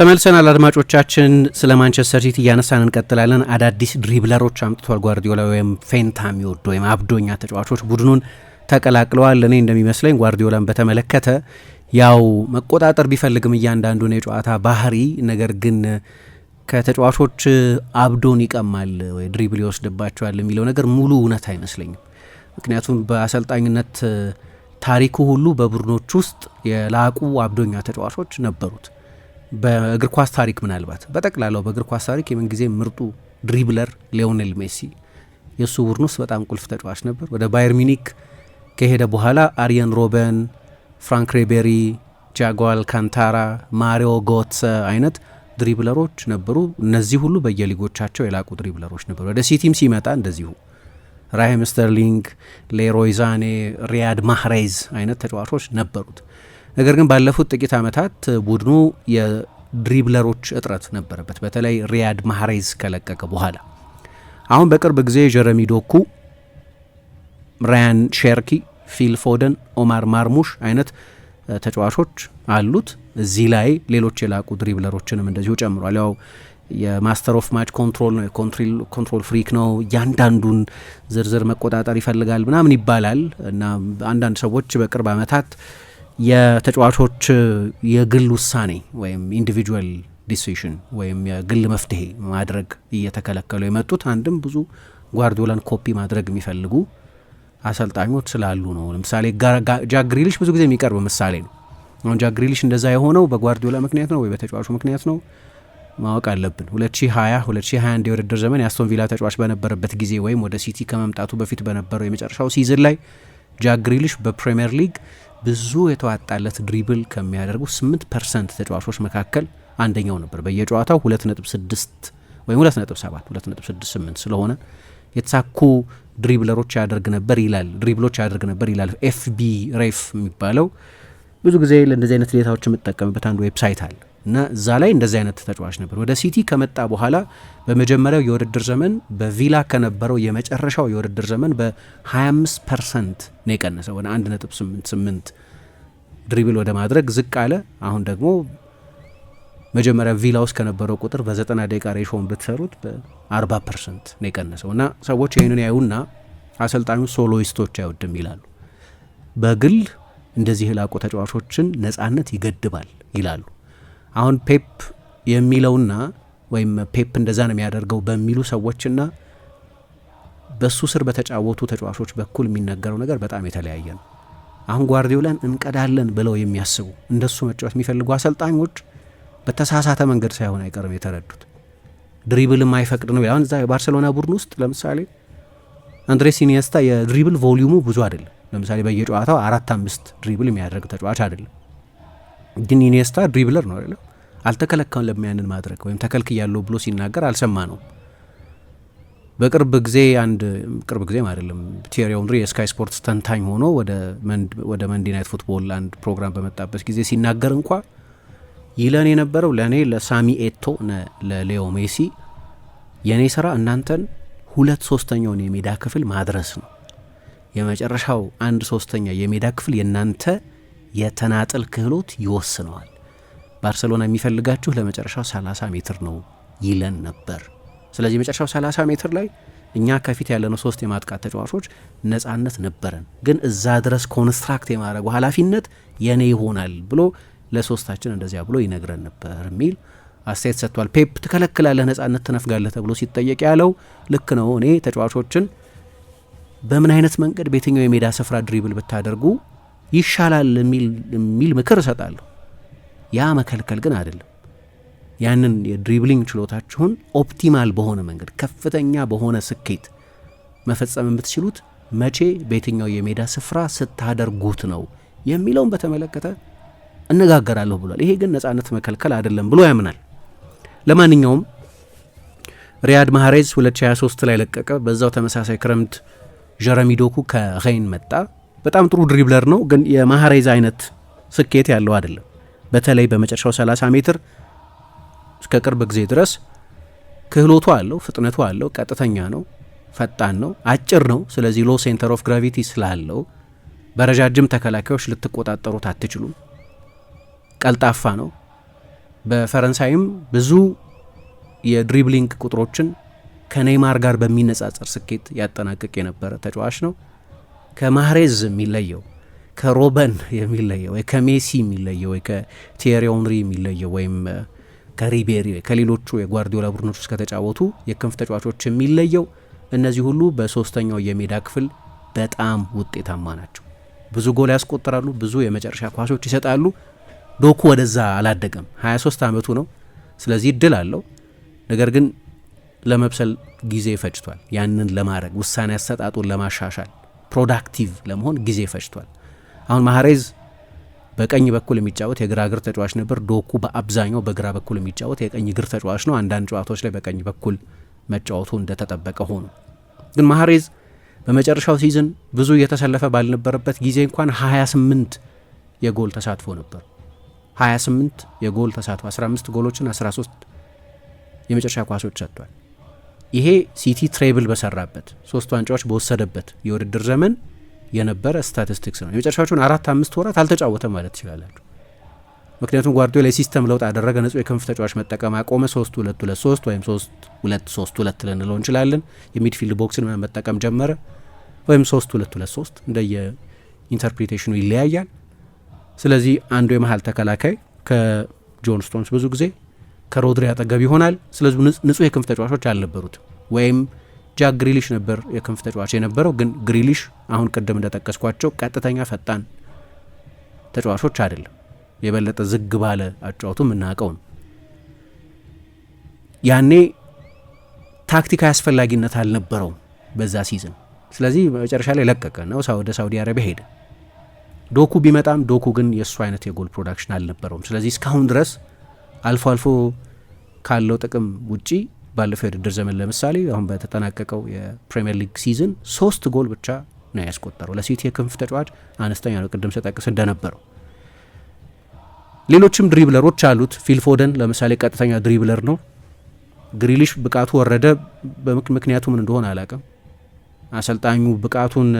ተመልሰናል አድማጮቻችን። ስለ ማንቸስተር ሲቲ እያነሳን እንቀጥላለን። አዳዲስ ድሪብለሮች አምጥቷል ጓርዲዮላ ወይም ፌንታ የሚወዱ ወይም አብዶኛ ተጫዋቾች ቡድኑን ተቀላቅለዋል። እኔ እንደሚመስለኝ ጓርዲዮላን በተመለከተ ያው መቆጣጠር ቢፈልግም እያንዳንዱን የጨዋታ ባህሪ ነገር ግን ከተጫዋቾች አብዶን ይቀማል ወይ ድሪብል ይወስድባቸዋል የሚለው ነገር ሙሉ እውነት አይመስለኝም። ምክንያቱም በአሰልጣኝነት ታሪኩ ሁሉ በቡድኖች ውስጥ የላቁ አብዶኛ ተጫዋቾች ነበሩት። በእግር ኳስ ታሪክ ምናልባት በጠቅላላው በእግር ኳስ ታሪክ የምንጊዜ ምርጡ ድሪብለር ሊዮኔል ሜሲ የእሱ ቡድን ውስጥ በጣም ቁልፍ ተጫዋች ነበር። ወደ ባየር ሚኒክ ከሄደ በኋላ አሪየን ሮበን፣ ፍራንክ ሬቤሪ፣ ጃጓ አልካንታራ፣ ማሪዮ ጎትሰ አይነት ድሪብለሮች ነበሩ። እነዚህ ሁሉ በየሊጎቻቸው የላቁ ድሪብለሮች ነበሩ። ወደ ሲቲም ሲመጣ እንደዚሁ ራሂም ስተርሊንግ፣ ሌሮይ ዛኔ፣ ሪያድ ማህሬዝ አይነት ተጫዋቾች ነበሩት። ነገር ግን ባለፉት ጥቂት ዓመታት ቡድኑ የድሪብለሮች እጥረት ነበረበት፣ በተለይ ሪያድ ማህሬዝ ከለቀቀ በኋላ። አሁን በቅርብ ጊዜ ጀረሚ ዶኩ፣ ራያን ሼርኪ፣ ፊል ፎደን፣ ኦማር ማርሙሽ አይነት ተጫዋቾች አሉት። እዚህ ላይ ሌሎች የላቁ ድሪብለሮችንም እንደዚሁ ጨምሯል። ያው የማስተር ኦፍ ማች ኮንትሮል ነው፣ ኮንትሮል ፍሪክ ነው። እያንዳንዱን ዝርዝር መቆጣጠር ይፈልጋል ምናምን ይባላል እና አንዳንድ ሰዎች በቅርብ ዓመታት የተጫዋቾች የግል ውሳኔ ወይም ኢንዲቪጁዋል ዲሲሽን ወይም የግል መፍትሄ ማድረግ እየተከለከሉ የመጡት አንድም ብዙ ጓርዲዮላን ኮፒ ማድረግ የሚፈልጉ አሰልጣኞች ስላሉ ነው። ለምሳሌ ጃግሪሊሽ ብዙ ጊዜ የሚቀርብ ምሳሌ ነው። አሁን ጃክ እንደዛ የሆነው በጓርዲዮላ ምክንያት ነው ወይ በተጫዋቹ ምክንያት ነው ማወቅ አለብን። 2020 2021 የውድድር ዘመን የአስቶን ቪላ ተጫዋች በነበረበት ጊዜ ወይም ወደ ሲቲ ከመምጣቱ በፊት በነበረው የመጨረሻው ሲዝን ላይ ጃክ በፕሪምየር ሊግ ብዙ የተዋጣለት ድሪብል ከሚያደርጉ 8 ፐርሰንት ተጫዋቾች መካከል አንደኛው ነበር። በየጨዋታው 2.6 ወይም 2.7 2.68 ስለሆነ የተሳኩ ድሪብለሮች ያደርግ ነበር ይላል ድሪብሎች ያደርግ ነበር ይላል ኤፍቢ ሬፍ የሚባለው ብዙ ጊዜ ለእንደዚህ አይነት ዴታዎች የምጠቀምበት አንድ ዌብሳይት አለ። እና እዛ ላይ እንደዚህ አይነት ተጫዋች ነበር። ወደ ሲቲ ከመጣ በኋላ በመጀመሪያው የውድድር ዘመን በቪላ ከነበረው የመጨረሻው የውድድር ዘመን በ25 ፐርሰንት ነው የቀነሰው ወደ 1.88 ድሪብል ወደ ማድረግ ዝቅ አለ። አሁን ደግሞ መጀመሪያ ቪላ ውስጥ ከነበረው ቁጥር በ90 ደቂቃ ሬሾውን ብትሰሩት በ40 ፐርሰንት ነው የቀነሰው እና ሰዎች ይህንን ያዩና አሰልጣኙ ሶሎይስቶች አይወድም ይላሉ። በግል እንደዚህ ላቁ ተጫዋቾችን ነጻነት ይገድባል ይላሉ። አሁን ፔፕ የሚለውና ወይም ፔፕ እንደዛ ነው የሚያደርገው በሚሉ ሰዎችና በሱ ስር በተጫወቱ ተጫዋቾች በኩል የሚነገረው ነገር በጣም የተለያየ ነው። አሁን ጓርዲዮላን እንቀዳለን ብለው የሚያስቡ እንደሱ መጫወት የሚፈልጉ አሰልጣኞች በተሳሳተ መንገድ ሳይሆን አይቀርም የተረዱት። ድሪብል የማይፈቅድ ነው። አሁን እዛ የባርሴሎና ቡድን ውስጥ ለምሳሌ አንድሬስ ኢኒየስታ የድሪብል ቮሊዩሙ ብዙ አይደለም። ለምሳሌ በየጨዋታው አራት አምስት ድሪብል የሚያደርግ ተጫዋች አይደለም። ግን ኢኒስታ ድሪብለር ነው አይደለም። አልተከለከለም ለሚያንን ማድረግ ወይም ተከልክ ተከልክያለሁ ብሎ ሲናገር አልሰማ ነው። በቅርብ ጊዜ አንድ ቅርብ ጊዜም አይደለም ቲዬሪ ኦንሪ የስካይ ስፖርትስ ተንታኝ ሆኖ ወደ መንዴ ናይት ፉትቦል አንድ ፕሮግራም በመጣበት ጊዜ ሲናገር እንኳ ይለን የነበረው ለእኔ ለሳሚ ኤቶ፣ ለሌዮ ሜሲ የእኔ ስራ እናንተን ሁለት ሶስተኛውን የሜዳ ክፍል ማድረስ ነው። የመጨረሻው አንድ ሶስተኛ የሜዳ ክፍል የእናንተ የተናጥል ክህሎት ይወስነዋል። ባርሰሎና የሚፈልጋችሁ ለመጨረሻው 30 ሜትር ነው ይለን ነበር። ስለዚህ መጨረሻው 30 ሜትር ላይ እኛ ከፊት ያለነው ሶስት የማጥቃት ተጫዋቾች ነጻነት ነበረን፣ ግን እዛ ድረስ ኮንስትራክት የማድረጉ ኃላፊነት የኔ ይሆናል ብሎ ለሶስታችን እንደዚያ ብሎ ይነግረን ነበር የሚል አስተያየት ሰጥቷል። ፔፕ ትከለክላለህ፣ ነጻነት ትነፍጋለህ ተብሎ ሲጠየቅ ያለው ልክ ነው። እኔ ተጫዋቾችን በምን አይነት መንገድ በየትኛው የሜዳ ስፍራ ድሪብል ብታደርጉ ይሻላል የሚል ምክር እሰጣለሁ። ያ መከልከል ግን አይደለም። ያንን የድሪብሊንግ ችሎታችሁን ኦፕቲማል በሆነ መንገድ ከፍተኛ በሆነ ስኬት መፈጸም የምትችሉት መቼ፣ በየትኛው የሜዳ ስፍራ ስታደርጉት ነው የሚለውን በተመለከተ እነጋገራለሁ ብሏል። ይሄ ግን ነጻነት መከልከል አይደለም ብሎ ያምናል። ለማንኛውም ሪያድ ማህሬዝ 2023 ላይ ለቀቀ። በዛው ተመሳሳይ ክረምት ጀረሚ ዶኩ ከኸይን መጣ። በጣም ጥሩ ድሪብለር ነው፣ ግን የማሃሬዝ አይነት ስኬት ያለው አይደለም። በተለይ በመጨረሻው 30 ሜትር እስከ ቅርብ ጊዜ ድረስ ክህሎቱ አለው፣ ፍጥነቱ አለው፣ ቀጥተኛ ነው፣ ፈጣን ነው፣ አጭር ነው። ስለዚህ ሎ ሴንተር ኦፍ ግራቪቲ ስላለው በረጃጅም ተከላካዮች ልትቆጣጠሩት አትችሉም። ቀልጣፋ ነው። በፈረንሳይም ብዙ የድሪብሊንግ ቁጥሮችን ከኔይማር ጋር በሚነጻጸር ስኬት ያጠናቅቅ የነበረ ተጫዋች ነው። ከማህሬዝ የሚለየው ከሮበን የሚለየው ወይ ከሜሲ የሚለየው ወይ ከቲየሪ ኦንሪ የሚለየው ወይም ከሪቤሪ ከሌሎቹ የጓርዲዮላ ቡድኖች ውስጥ ከተጫወቱ የክንፍ ተጫዋቾች የሚለየው እነዚህ ሁሉ በሶስተኛው የሜዳ ክፍል በጣም ውጤታማ ናቸው። ብዙ ጎል ያስቆጥራሉ፣ ብዙ የመጨረሻ ኳሶች ይሰጣሉ። ዶኩ ወደዛ አላደገም፣ 23 ዓመቱ ነው። ስለዚህ እድል አለው። ነገር ግን ለመብሰል ጊዜ ፈጅቷል። ያንን ለማድረግ ውሳኔ አሰጣጡን ለማሻሻል ፕሮዳክቲቭ ለመሆን ጊዜ ፈጅቷል። አሁን ማህሬዝ በቀኝ በኩል የሚጫወት የግራ እግር ተጫዋች ነበር። ዶኩ በአብዛኛው በግራ በኩል የሚጫወት የቀኝ እግር ተጫዋች ነው። አንዳንድ ጨዋታዎች ላይ በቀኝ በኩል መጫወቱ እንደተጠበቀ ሆኖ ግን ማህሬዝ በመጨረሻው ሲዝን ብዙ እየተሰለፈ ባልነበረበት ጊዜ እንኳን 28 የጎል ተሳትፎ ነበር። 28 የጎል ተሳትፎ 15 ጎሎችን 13 የመጨረሻ ኳሶች ሰጥቷል። ይሄ ሲቲ ትሬብል በሰራበት ሶስት ዋንጫዎች በወሰደበት የውድድር ዘመን የነበረ ስታቲስቲክስ ነው። የመጨረሻዎቹን አራት አምስት ወራት አልተጫወተም ማለት ትችላላችሁ። ምክንያቱም ጓርዲዮላ የሲስተም ለውጥ አደረገ። ንጹህ የክንፍ ተጫዋች መጠቀም አቆመ። ሶስት ሁለት ሁለት ሶስት ወይም ሶስት ሁለት ሶስት ሁለት ልንለው እንችላለን። የሚድፊልድ ቦክስን መጠቀም ጀመረ። ወይም ሶስት ሁለት ሁለት ሶስት እንደየ ኢንተርፕሪቴሽኑ ይለያያል። ስለዚህ አንዱ የመሀል ተከላካይ ከጆን ስቶንስ ብዙ ጊዜ ከሮድሪ አጠገብ ይሆናል። ስለዚህ ንጹህ የክንፍ ተጫዋቾች አልነበሩት ወይም ጃክ ግሪሊሽ ነበር የክንፍ ተጫዋች የነበረው። ግን ግሪሊሽ አሁን ቅድም እንደጠቀስኳቸው ቀጥተኛ ፈጣን ተጫዋቾች አይደለም። የበለጠ ዝግ ባለ አጫወቱ የምናውቀው ነው። ያኔ ታክቲካ አስፈላጊነት አልነበረውም በዛ ሲዝን። ስለዚህ መጨረሻ ላይ ለቀቀ ነው ወደ ሳውዲ አረቢያ ሄደ። ዶኩ ቢመጣም ዶኩ ግን የእሱ አይነት የጎል ፕሮዳክሽን አልነበረውም። ስለዚህ እስካሁን ድረስ አልፎ አልፎ ካለው ጥቅም ውጪ ባለፈው የውድድር ዘመን ለምሳሌ አሁን በተጠናቀቀው የፕሪምየር ሊግ ሲዝን ሶስት ጎል ብቻ ነው ያስቆጠረው። ለሲቲ የክንፍ ተጫዋች አነስተኛ ነው፣ ቅድም ስጠቅስ እንደነበረው። ሌሎችም ድሪብለሮች አሉት። ፊልፎደን ለምሳሌ ቀጥተኛ ድሪብለር ነው። ግሪሊሽ ብቃቱ ወረደ፣ ምክንያቱ ምን እንደሆነ አላውቅም። አሰልጣኙ ብቃቱን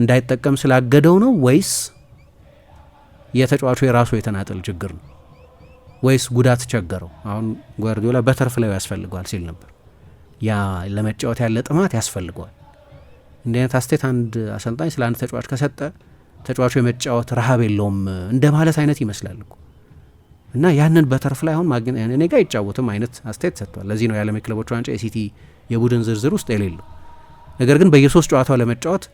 እንዳይጠቀም ስላገደው ነው ወይስ የተጫዋቹ የራሱ የተናጠል ችግር ነው? ወይስ ጉዳት ቸገረው? አሁን ጓርዲዮላ በተርፍ ላይ ያስፈልገዋል ሲል ነበር። ያ ለመጫወት ያለ ጥማት ያስፈልገዋል። እንዲህ አይነት አስቴት አንድ አሰልጣኝ ስለ አንድ ተጫዋች ከሰጠ ተጫዋቹ የመጫወት ረሃብ የለውም እንደ ማለት አይነት ይመስላል እኮ እና ያንን በተርፍ ላይ አሁን ማግኘት እኔ ጋር አይጫወትም አይነት አስተያየት ሰጥቷል። ለዚህ ነው የዓለም የክለቦች ዋንጫ የሲቲ የቡድን ዝርዝር ውስጥ የሌለው። ነገር ግን በየሶስት ጨዋታው ለመጫወት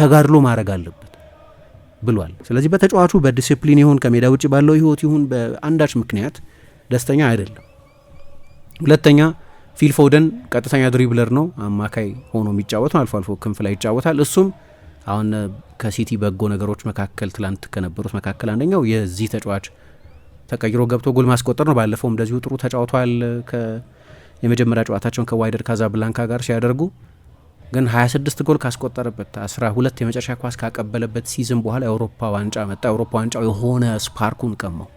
ተጋድሎ ማድረግ አለብን። ብሏል። ስለዚህ በተጫዋቹ በዲሲፕሊን ይሁን ከሜዳ ውጭ ባለው ህይወት ይሁን በአንዳች ምክንያት ደስተኛ አይደለም። ሁለተኛ ፊል ፎደን ቀጥተኛ ድሪብለር ነው። አማካይ ሆኖ የሚጫወተው አልፎ አልፎ ክንፍ ላይ ይጫወታል። እሱም አሁን ከሲቲ በጎ ነገሮች መካከል ትላንት ከነበሩት መካከል አንደኛው የዚህ ተጫዋች ተቀይሮ ገብቶ ጎል ማስቆጠር ነው። ባለፈው እንደዚሁ ጥሩ ተጫውቷል። የመጀመሪያ ጨዋታቸውን ከዋይደር ካዛብላንካ ጋር ሲያደርጉ ግን 26 ጎል ካስቆጠረበት 12 የመጨረሻ ኳስ ካቀበለበት ሲዝን በኋላ የአውሮፓ ዋንጫ መጣ። የአውሮፓ ዋንጫው የሆነ ስፓርኩን ቀማው።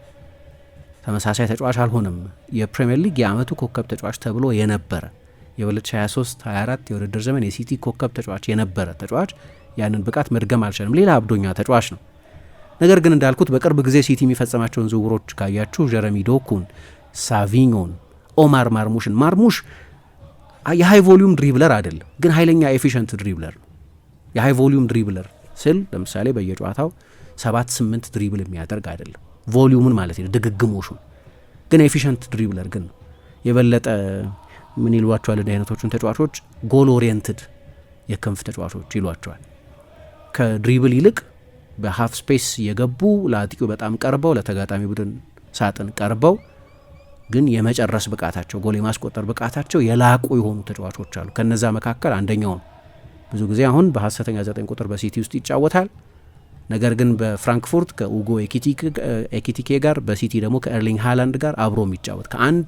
ተመሳሳይ ተጫዋች አልሆነም። የፕሪምየር ሊግ የአመቱ ኮከብ ተጫዋች ተብሎ የነበረ የ2023 24 የውድድር ዘመን የሲቲ ኮከብ ተጫዋች የነበረ ተጫዋች ያንን ብቃት መድገም አልቻለም። ሌላ አብዶኛ ተጫዋች ነው። ነገር ግን እንዳልኩት በቅርብ ጊዜ ሲቲ የሚፈጸማቸውን ዝውውሮች ካያችሁ ጀረሚ ዶኩን፣ ሳቪኞን፣ ኦማር ማርሙሽን ማርሙሽ የሃይ ቮሊዩም ድሪብለር አይደለም፣ ግን ኃይለኛ ኤፊሽንት ድሪብለር ነው። የሃይ ቮሊዩም ድሪብለር ስል ለምሳሌ በየጨዋታው ሰባት ስምንት ድሪብል የሚያደርግ አይደለም፣ ቮሊዩምን ማለት ነው፣ ድግግሞሹን ግን ኤፊሽንት ድሪብለር ግን ነው። የበለጠ ምን ይሏቸዋል? እንዲህ አይነቶቹን ተጫዋቾች ጎል ኦሪየንትድ የክንፍ ተጫዋቾች ይሏቸዋል። ከድሪብል ይልቅ በሀፍ ስፔስ የገቡ ለአጥቂው በጣም ቀርበው ለተጋጣሚ ቡድን ሳጥን ቀርበው ግን የመጨረስ ብቃታቸው፣ ጎል የማስቆጠር ብቃታቸው የላቁ የሆኑ ተጫዋቾች አሉ። ከነዛ መካከል አንደኛው ነው። ብዙ ጊዜ አሁን በሀሰተኛ ዘጠኝ ቁጥር በሲቲ ውስጥ ይጫወታል። ነገር ግን በፍራንክፉርት ከኡጎ ኤኪቲኬ ጋር በሲቲ ደግሞ ከኤርሊንግ ሃላንድ ጋር አብሮ የሚጫወት ከአንድ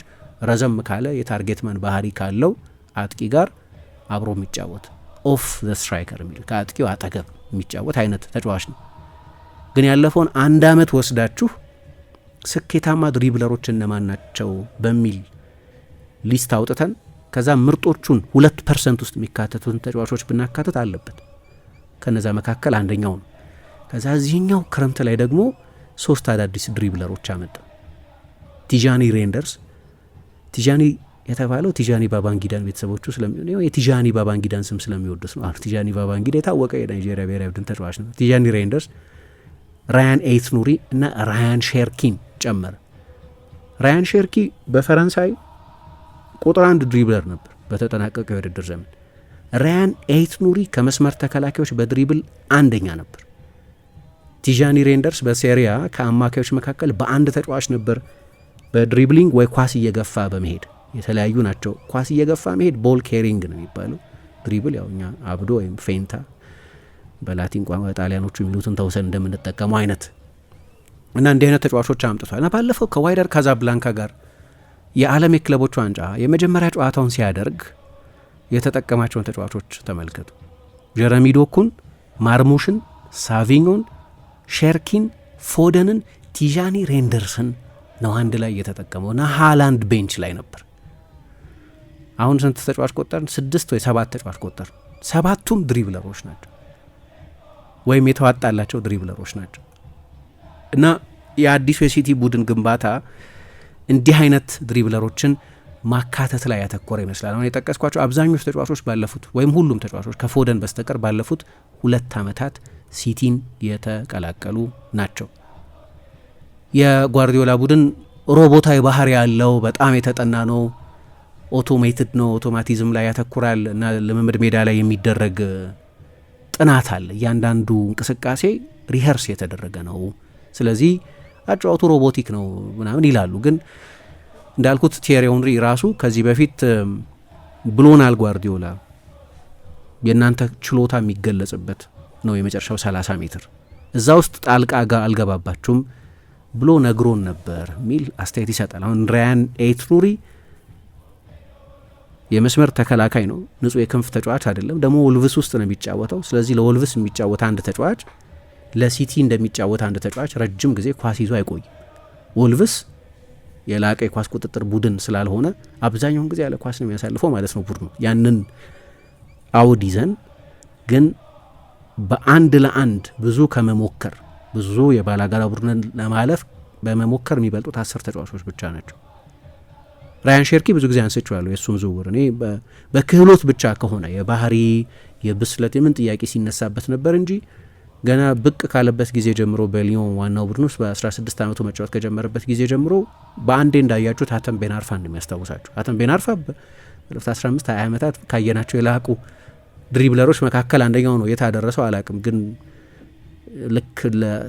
ረዘም ካለ የታርጌትመን ባህሪ ካለው አጥቂ ጋር አብሮ የሚጫወት ኦፍ ዘ ስትራይከር የሚል ከአጥቂው አጠገብ የሚጫወት አይነት ተጫዋች ነው። ግን ያለፈውን አንድ አመት ወስዳችሁ ስኬታማ ድሪብለሮች እነማን ናቸው በሚል ሊስት አውጥተን ከዛ ምርጦቹን ሁለት ፐርሰንት ውስጥ የሚካተቱትን ተጫዋቾች ብናካተት አለበት። ከነዛ መካከል አንደኛው ነው። ከዛ እዚህኛው ክረምት ላይ ደግሞ ሶስት አዳዲስ ድሪብለሮች አመጣ። ቲዣኒ ሬንደርስ ቲዣኒ የተባለው ቲዣኒ ባባንጊዳን ቤተሰቦቹ ስለሚሆን ባባንጊዳን ስም ስለሚወዱት ነው። ቲዣኒ ባባንጊዳ የታወቀ የናይጄሪያ ብሔራዊ ቡድን ተጫዋች ነው። ቲዣኒ ሬንደርስ፣ ራያን ኤይት ኑሪ እና ራያን ሼርኪን ጨመረ። ራያን ሼርኪ በፈረንሳይ ቁጥር አንድ ድሪብለር ነበር በተጠናቀቀው የውድድር ዘመን። ራያን ኤት ኑሪ ከመስመር ተከላካዮች በድሪብል አንደኛ ነበር። ቲዣኒ ሬንደርስ በሴሪያ ከአማካዮች መካከል በአንድ ተጫዋች ነበር በድሪብሊንግ ወይ ኳስ እየገፋ በመሄድ የተለያዩ ናቸው። ኳስ እየገፋ መሄድ ቦል ኬሪንግ ነው የሚባለው። ድሪብል ያው እኛ አብዶ ወይም ፌንታ በላቲን ቋንቋ ጣሊያኖቹ የሚሉትን ተውሰን እንደምንጠቀመው አይነት እና እንዲህ አይነት ተጫዋቾች አምጥቷል እና ባለፈው ከዋይደር ካዛብላንካ ጋር የዓለም የክለቦች ዋንጫ የመጀመሪያ ጨዋታውን ሲያደርግ የተጠቀማቸውን ተጫዋቾች ተመልከቱ። ጀረሚ ዶኩን፣ ማርሙሽን፣ ሳቪኞን፣ ሼርኪን፣ ፎደንን፣ ቲዣኒ ሬንደርስን ነው አንድ ላይ እየተጠቀመው ና ሃላንድ ቤንች ላይ ነበር። አሁን ስንት ተጫዋች ቆጠር? ስድስት ወይ ሰባት ተጫዋች ቆጠር። ሰባቱም ድሪብለሮች ናቸው ወይም የተዋጣላቸው ድሪብለሮች ናቸው። እና የአዲሱ የሲቲ ቡድን ግንባታ እንዲህ አይነት ድሪብለሮችን ማካተት ላይ ያተኮረ ይመስላል። አሁን የጠቀስኳቸው አብዛኞቹ ተጫዋቾች ባለፉት ወይም ሁሉም ተጫዋቾች ከፎደን በስተቀር ባለፉት ሁለት ዓመታት ሲቲን የተቀላቀሉ ናቸው። የጓርዲዮላ ቡድን ሮቦታዊ ባህሪ ያለው በጣም የተጠና ነው። ኦቶሜትድ ነው። ኦቶማቲዝም ላይ ያተኩራል እና ልምምድ ሜዳ ላይ የሚደረግ ጥናት አለ። እያንዳንዱ እንቅስቃሴ ሪኸርስ የተደረገ ነው። ስለዚህ አጫዋቱ ሮቦቲክ ነው ምናምን ይላሉ። ግን እንዳልኩት ቲየሪ ሄንሪ ራሱ ከዚህ በፊት ብሎናል ጓርዲዮላ የእናንተ ችሎታ የሚገለጽበት ነው የመጨረሻው 30 ሜትር እዛ ውስጥ ጣልቃ አልገባባችሁም ብሎ ነግሮን ነበር የሚል አስተያየት ይሰጣል። አሁን ራያን ኤትሩሪ የመስመር ተከላካይ ነው፣ ንጹህ የክንፍ ተጫዋች አይደለም። ደግሞ ወልቭስ ውስጥ ነው የሚጫወተው። ስለዚህ ለወልቭስ የሚጫወት አንድ ተጫዋች ለሲቲ እንደሚጫወት አንድ ተጫዋች ረጅም ጊዜ ኳስ ይዞ አይቆይም። ወልቭስ የላቀ የኳስ ቁጥጥር ቡድን ስላልሆነ አብዛኛውን ጊዜ ያለ ኳስ ነው የሚያሳልፈው ማለት ነው ቡድኑ። ያንን አውድ ይዘን ግን በአንድ ለአንድ ብዙ ከመሞከር ብዙ የባላጋራ ቡድንን ለማለፍ በመሞከር የሚበልጡት አስር ተጫዋቾች ብቻ ናቸው። ራያን ሼርኪ ብዙ ጊዜ አንስቼዋለሁ። የእሱም ዝውውር እኔ በክህሎት ብቻ ከሆነ የባህሪ የብስለት የምን ጥያቄ ሲነሳበት ነበር እንጂ ገና ብቅ ካለበት ጊዜ ጀምሮ በሊዮን ዋናው ቡድን ውስጥ በ16 ዓመቱ መጫወት ከጀመረበት ጊዜ ጀምሮ በአንዴ እንዳያችሁት ሀተም ቤናርፋ እንደሚያስታውሳችሁ ሀተም ቤናርፋ ባለፉት 15 20 ዓመታት ካየናቸው የላቁ ድሪብለሮች መካከል አንደኛው ነው። የታደረሰው አላቅም፣ ግን ልክ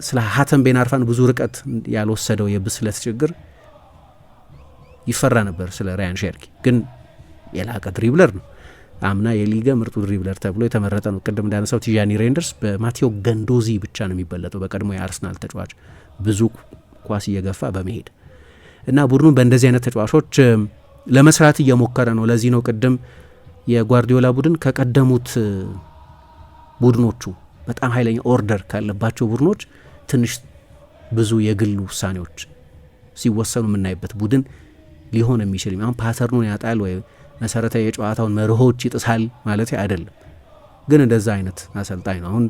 ስለ ሀተም ቤናርፋን ብዙ ርቀት ያልወሰደው የብስለት ችግር ይፈራ ነበር ስለ ራያን ሼርኪ ግን የላቀ ድሪብለር ነው። አምና የሊገ ምርጡ ድሪብለር ተብሎ የተመረጠ ነው። ቅድም እንዳነሳው ቲዣኒ ሬንደርስ በማቴዎ ገንዶዚ ብቻ ነው የሚበለጠው፣ በቀድሞ የአርሰናል ተጫዋች ብዙ ኳስ እየገፋ በመሄድ እና ቡድኑን በእንደዚህ አይነት ተጫዋቾች ለመስራት እየሞከረ ነው። ለዚህ ነው ቅድም የጓርዲዮላ ቡድን ከቀደሙት ቡድኖቹ በጣም ኃይለኛ ኦርደር ካለባቸው ቡድኖች ትንሽ ብዙ የግል ውሳኔዎች ሲወሰኑ የምናይበት ቡድን ሊሆን የሚችል አሁን ፓተርኑን ያጣል ወይ መሰረታዊ የጨዋታውን መርሆች ይጥሳል ማለት አይደለም፣ ግን እንደዛ አይነት አሰልጣኝ ነው። አሁን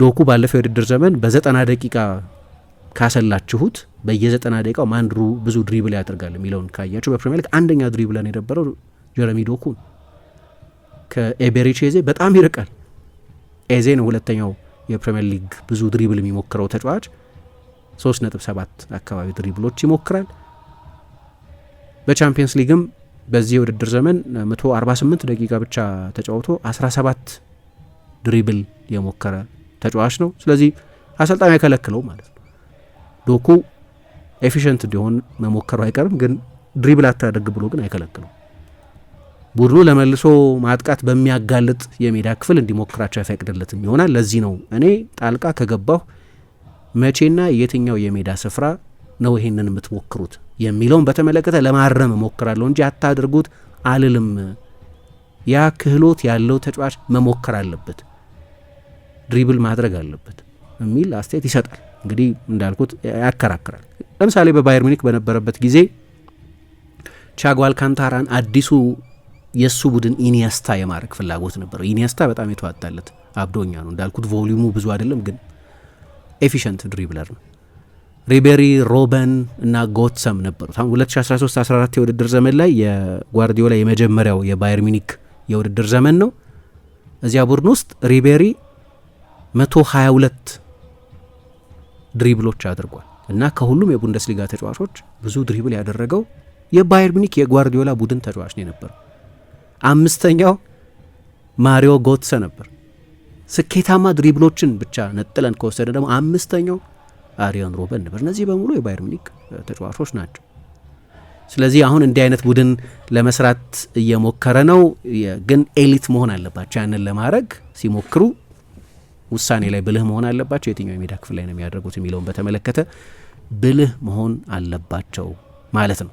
ዶኩ ባለፈው የውድድር ዘመን በዘጠና ደቂቃ ካሰላችሁት በየዘጠና ደቂቃው ማንድሩ ብዙ ድሪብል ያደርጋል የሚለውን ካያችሁ በፕሪሚየር ሊግ አንደኛ ድሪብለን የነበረው ጀረሚ ዶኩ ከኤቤሬች ኤዜ በጣም ይርቃል። ኤዜ ነው ሁለተኛው የፕሪሚየር ሊግ ብዙ ድሪብል የሚሞክረው ተጫዋች ሶስት ነጥብ ሰባት አካባቢ ድሪብሎች ይሞክራል። በቻምፒየንስ ሊግም በዚህ የውድድር ዘመን 148 ደቂቃ ብቻ ተጫውቶ 17 ድሪብል የሞከረ ተጫዋች ነው። ስለዚህ አሰልጣኝ አይከለክለው ማለት ነው። ዶኩ ኤፊሽንት እንዲሆን መሞከሩ አይቀርም፣ ግን ድሪብል አታደርግ ብሎ ግን አይከለክለው። ቡድኑ ለመልሶ ማጥቃት በሚያጋልጥ የሜዳ ክፍል እንዲሞክራቸው አይፈቅድለትም ይሆናል። ለዚህ ነው እኔ ጣልቃ ከገባሁ መቼና የትኛው የሜዳ ስፍራ ነው ይሄንን የምትሞክሩት የሚለውን በተመለከተ ለማረም እሞክራለሁ እንጂ አታድርጉት አልልም። ያ ክህሎት ያለው ተጫዋች መሞከር አለበት፣ ድሪብል ማድረግ አለበት የሚል አስተያየት ይሰጣል። እንግዲህ እንዳልኩት ያከራክራል። ለምሳሌ በባየር ሚኒክ በነበረበት ጊዜ ቻጓ አልካንታራን አዲሱ የእሱ ቡድን ኢኒያስታ የማድረግ ፍላጎት ነበረው። ኢኒያስታ በጣም የተዋጣለት አብዶኛ ነው እንዳልኩት፣ ቮሊዩሙ ብዙ አይደለም፣ ግን ኤፊሽንት ድሪብለር ነው። ሪቤሪ፣ ሮበን እና ጎትሰም ነበሩት። አሁን 2013/14 የውድድር ዘመን ላይ የጓርዲዮላ የመጀመሪያው የባየር ሚኒክ የውድድር ዘመን ነው። እዚያ ቡድን ውስጥ ሪቤሪ 122 ድሪብሎች አድርጓል እና ከሁሉም የቡንደስሊጋ ተጫዋቾች ብዙ ድሪብል ያደረገው የባየር ሚኒክ የጓርዲዮላ ቡድን ተጫዋች ነው የነበረው። አምስተኛው ማሪዮ ጎትሰ ነበር። ስኬታማ ድሪብሎችን ብቻ ነጥለን ከወሰደ ደግሞ አምስተኛው አሪያን ሮበን ነበር። እነዚህ በሙሉ የባየር ሚኒክ ተጫዋቾች ናቸው። ስለዚህ አሁን እንዲህ አይነት ቡድን ለመስራት እየሞከረ ነው። ግን ኤሊት መሆን አለባቸው። ያንን ለማድረግ ሲሞክሩ ውሳኔ ላይ ብልህ መሆን አለባቸው። የትኛው የሜዳ ክፍል ላይ ነው የሚያደርጉት የሚለውን በተመለከተ ብልህ መሆን አለባቸው ማለት ነው።